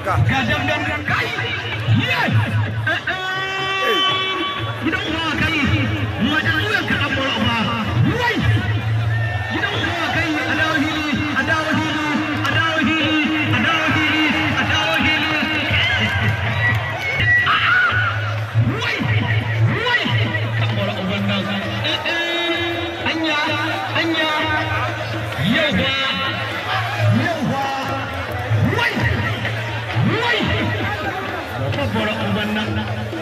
shaka Manna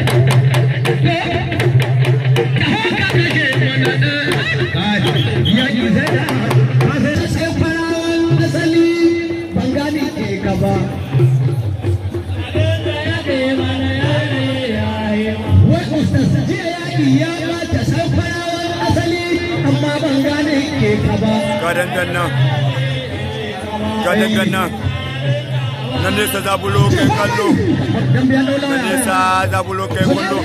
dangan nan ga dangan nan na zabulo kai kallo na zabulo kai kallo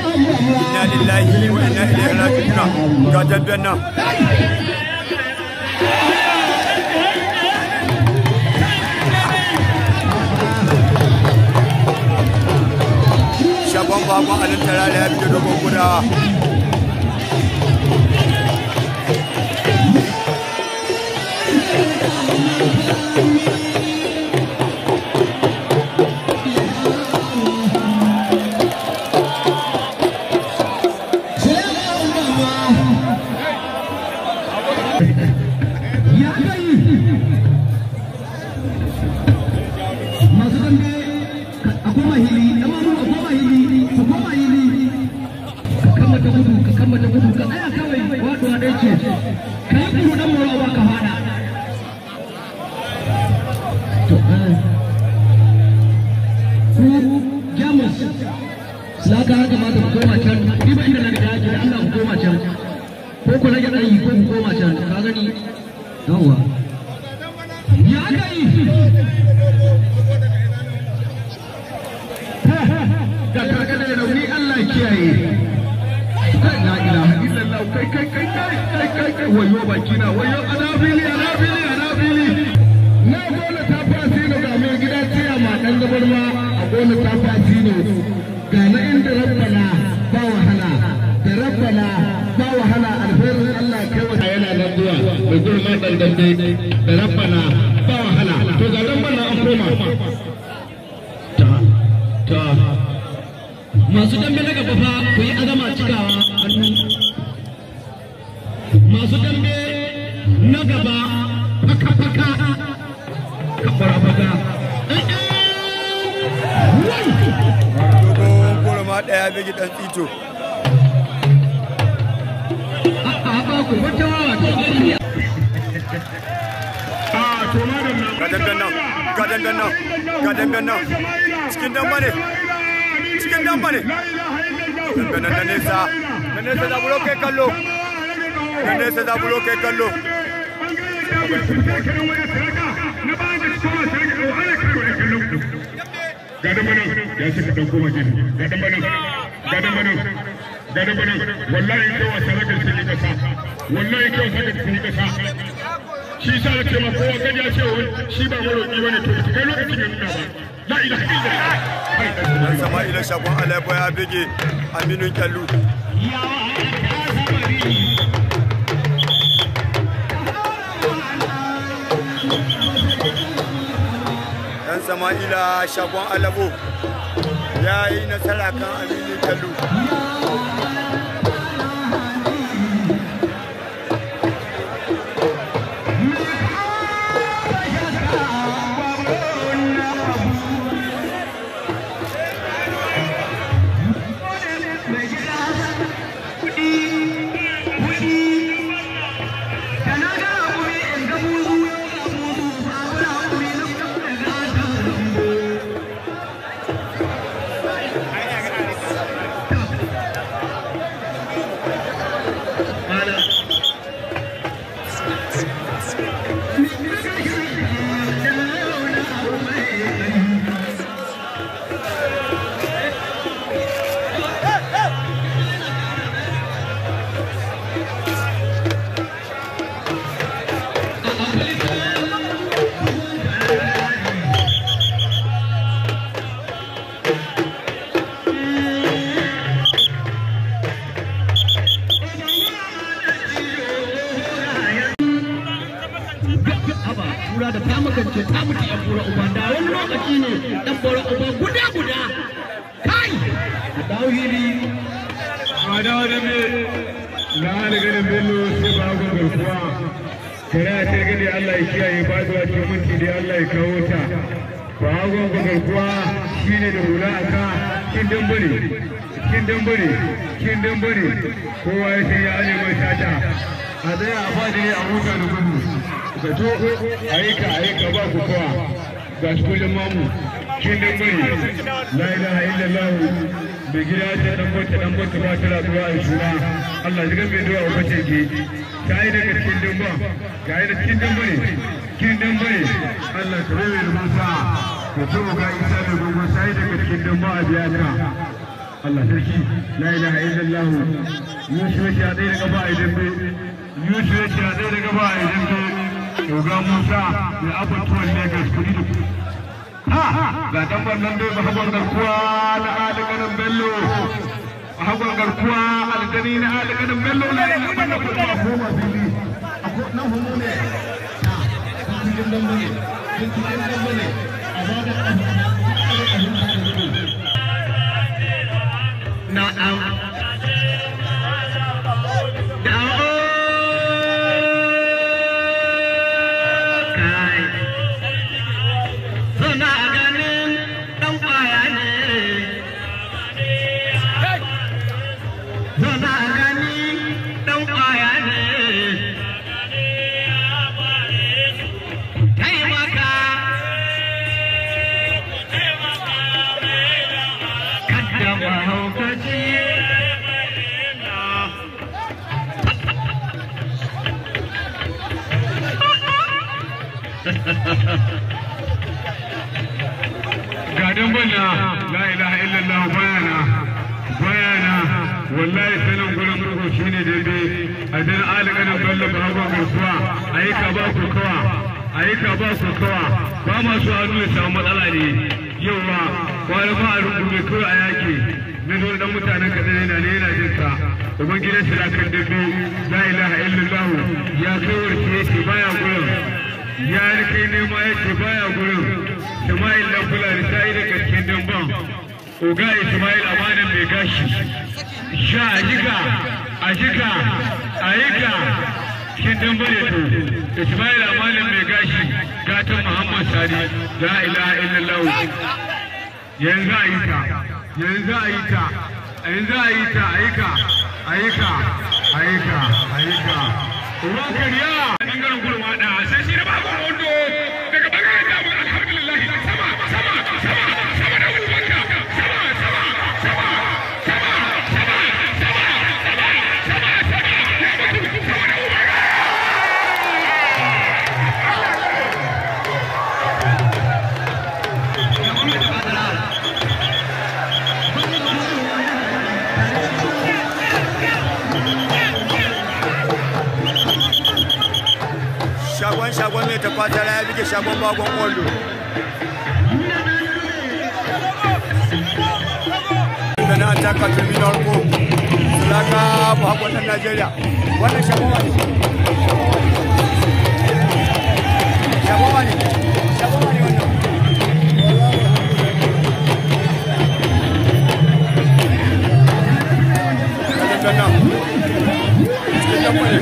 inna lillahi wa inna ilaihi raji'un ga dangan nan alin tarare ya fito dogon gudawa muku na gina yi ko mu koma can ka gani yawwa ya gani da kaga da rauni Allah kiyaye la ilaha illallah kai kai kai kai kai kai wayo baki na wayo anabili anabili anabili na gona ta fasi ga mai gida tiya ma dan gabar ma a gona ta fasi ne ga na inda rabbana matsala ta wahala alherin Allah kai yana nan zuwa mai girma dandamde da rabbana ba wahala to ga rabbana an koma ta ta masu dambe na gaba fa ku yi azama cikawa masu dambe na gaba faka faka fara faka ga dandan nan ga dandan nan ga dandan nan cikin damba ne cikin damba ne dandan nan na nesa na nesa zabulo kai kallo na nesa zabulo kai kallo ga damba nan ya ce ka ɗauko mace ga damba nan ga damba nan gani gani wallahi kyau a sadakar sun yi kasa wallahi kyau sadakar sun yi kasa shi sa da ce ma kowa ya ce wai shi ba maroƙi ba ne to kai lokacin ya nuna ba la ilaha illallah sama ila shagon alaibo ya bige aminu sama ila shagon alabo ya yi nasara kan aminu kyallu sarakin minti da Allah ya kawo ta ba hagon kuwa shine da hula a ka kin dambare kin dambare kin dambare kowa ya ce ya mai tata a tsaya a fadi ne a huta da gudu ka to aika aika ka ka ba ku kowa ga shi kullum mamu kin dambare la ilaha illallah bai gida ta dan bata dan bata ba ta rabuwa a shura Allah ya ga bai dawo bace ce ta yi daga cikin dambare kai yi da cikin dambare cikin dambe Allah ka bai da Musa ka ce isa gogo sai cikin dambe a biya ta Allah sarki la ilaha illallah Yusuf ya sha ɗaya daga a dambe Yusuf ya sha ɗaya daga a dambe Oga Musa da abatuwan Lagos da ga nan dai garkuwa na bello garkuwa aljani na bello na yin abin da kuma koma fili ne তিনজন বলে তিনজন বলে আমাদের bayana la ilaha illallah bayana bayana wallahi sanin gurin murgo shine daidai a dan alƙanin ballo ba hagu garkuwa ayi ba ku kawa ba ku ba ma su ya samu matsala ne yawa kwari ma a rubuce kawai a yaki na zo dan mutanen kaɗan yana ne yana jin ka uban gidan shi da kan dabbe la ilaha illallah ya baya gurin ya nema yake baya gurin Ismail dan Fulani ta yi daga cikin damban Oga Ismail amanin mai gashi sha a jika a jika a yika cikin damban ya to Ismail amanin mai gashi gatan Muhammad Sani la ilaha illallah yanzu a yi ta yanzu a yi ta yanzu a yi ta a ka a yika a yika a yika Uban kariya ɓangaren gurma da sai shi da ba shagon bagon ondo daga na taka terminal na najeriya wannan shagowa ne shagowa ne shagowa ne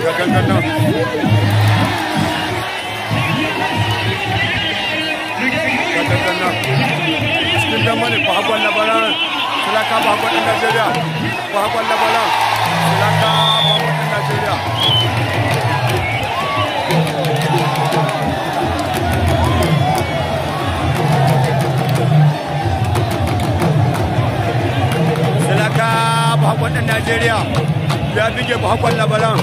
wannan ɗan dambe ne bahagwan labaran sulaka bahagwan ɗan najeriya bahagwan sulaka sulaka ya bige bahagwan labaran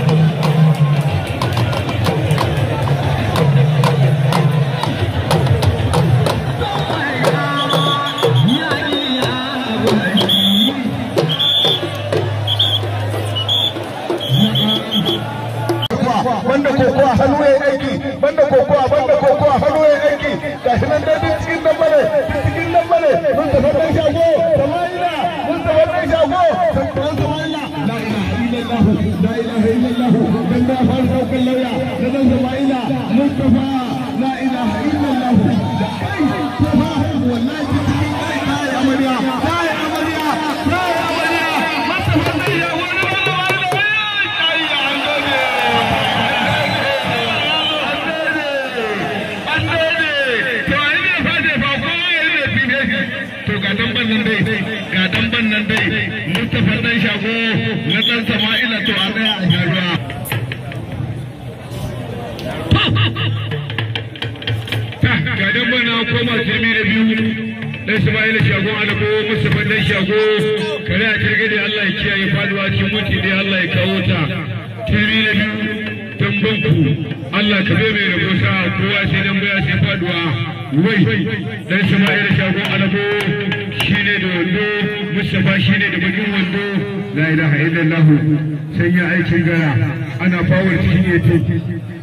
बंद कोको हलुए एकी बंद कोको बंद कोको हलुए एकी कहने दे डिस्किन नंबरे डिस्किन नंबरे मुझे बंदे जाओ समाइला मुझे बंदे जाओ संतान ना इला इला ना इला इला बंदा फर्स्ट ओके लगा बंदा समाइला मुझे ga damban nan dai ga damban nan dai Mustapha dan shago na dan Sama'ila to a tsaya a garuwa ga damban na koma na biyu dan Sama'ila shago dan shago kare a kirgide Allah ya kiyaye faduwa cikin mutu dai Allah ya kawo ta na biyu damban Allah ka bai mai rabo sa kowa sai dan baya sai faduwa wai dan Sama'ila shagon alabo shine da wando Mustapha shine da bakin wando la ilaha illallah sai ya aikin gara ana fawar cikin yake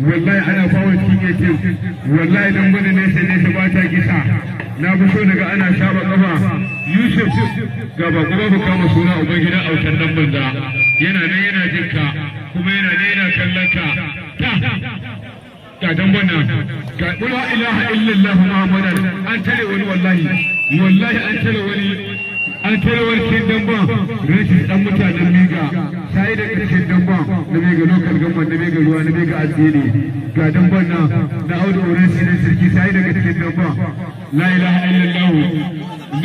wallahi ana fawar cikin yake wallahi dan gudu ne sai ne ta bata kisa na fi so daga ana shaba kafa Yusuf ga ba kuma ba kama suna ubangidan autan nan banza yana nan yana jinka kuma yana nan yana kallon ka ta ga dambana ga kula ilaha illallah muhammadan an tare wani wallahi wallahi an tare wani an tare wani rashin dan mutanen miga sai da kashin na miga lokal na miga ruwa na miga ga na audu wurin sai da kashin la ilaha illallah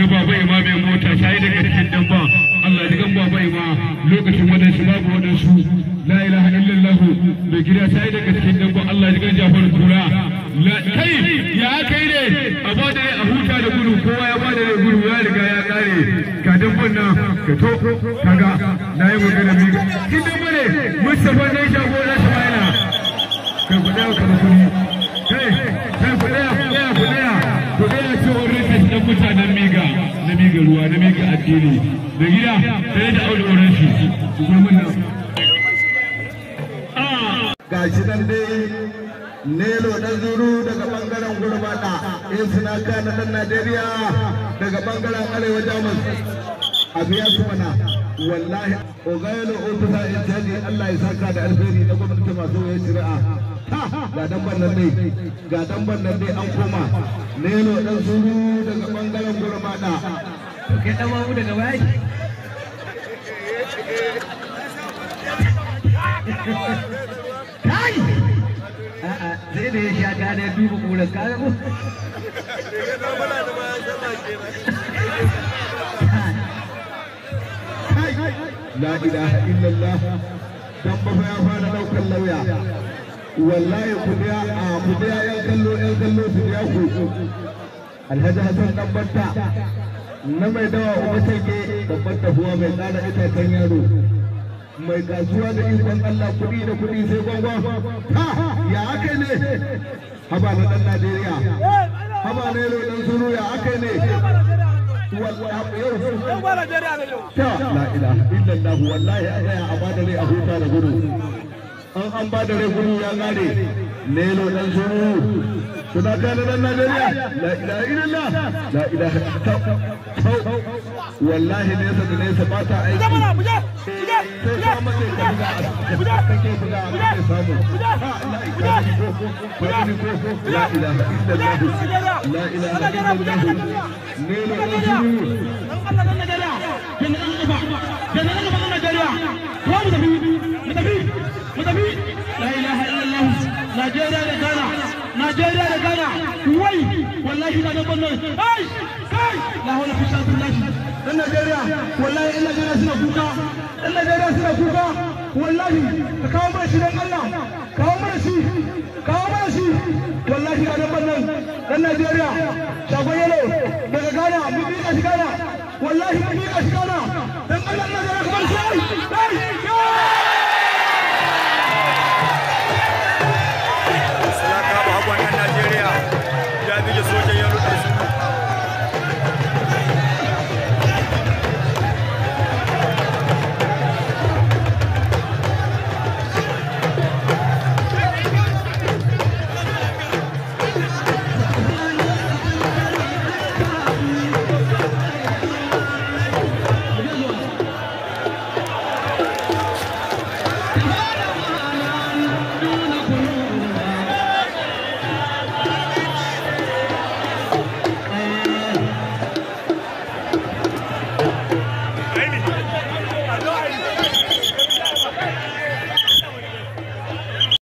baba imam mota sai da kashin damba Allah ya lokacin wadansu babu wadansu la ilaha illallah mai gida sai da gaske dan ko Allah ya gani Jafar kura kai ya kai ne a bada a huta da gudu kowa ya bada da gudu ya riga ya kare ka dabban nan ka to kaga na yi magana mai kin dabba ne Mustafa zai shago na Samaila ka guda ka gudu kai kai guda guda guda guda cewa rikin na mutanen miga na miga ruwa na miga addini da gida sai da aure wurin shi gashi dai nelo dan zuru daga bangaren gurbata in suna kana dan najeriya daga bangaren arewa jamus a biya su mana wallahi ogayelo in intaji allah ya saka da alheri na gwamnati masu ya shari'a ga damban nan dai ga damban nan dai an koma nelo dan zuru daga bangaren gurbata kai dan babu daga baya Thank kai a'a sai da ya sha ta da duba kuran ka ga la ilaha illallah dan ba ya fara daukar lauya wallahi ku da a ku da yan kallo yan kallo su ya ku alhaji hasan dan na mai dawa uba take babbar tafuwa mai tsara ita kan yaro mai kasuwa da ikon Allah kuɗi da kuɗi sai gwangwa ya aka ne haba na ɗan Najeriya haba na yalo ɗan suru ya aka ne la ilaha illallah wallahi a tsaya a bada a huta da gudu an an bada gudu ya gane. lelo dan zuru kuna kana dan Najeriya la ilaha illallah la ilaha illallah wallahi ne da ne sa bata aiki la ilaha illallah la ilaha illallah lelo dan zuru dan Allah dan Najeriya dan Allah dan Najeriya ko mu tafi mu tafi mu tafi Najeriya da Ghana Nigeria da Ghana wai wallahi na gaban nan ai kai la hawla fi dan wallahi in suna kuka dan suna kuka wallahi ka kawo mana shi dan Allah kawo mana shi kawo mana shi wallahi gaban nan dan shagon yalo daga Ghana mun bi ka shi Ghana wallahi mun bi ka shi Ghana dan Allah kai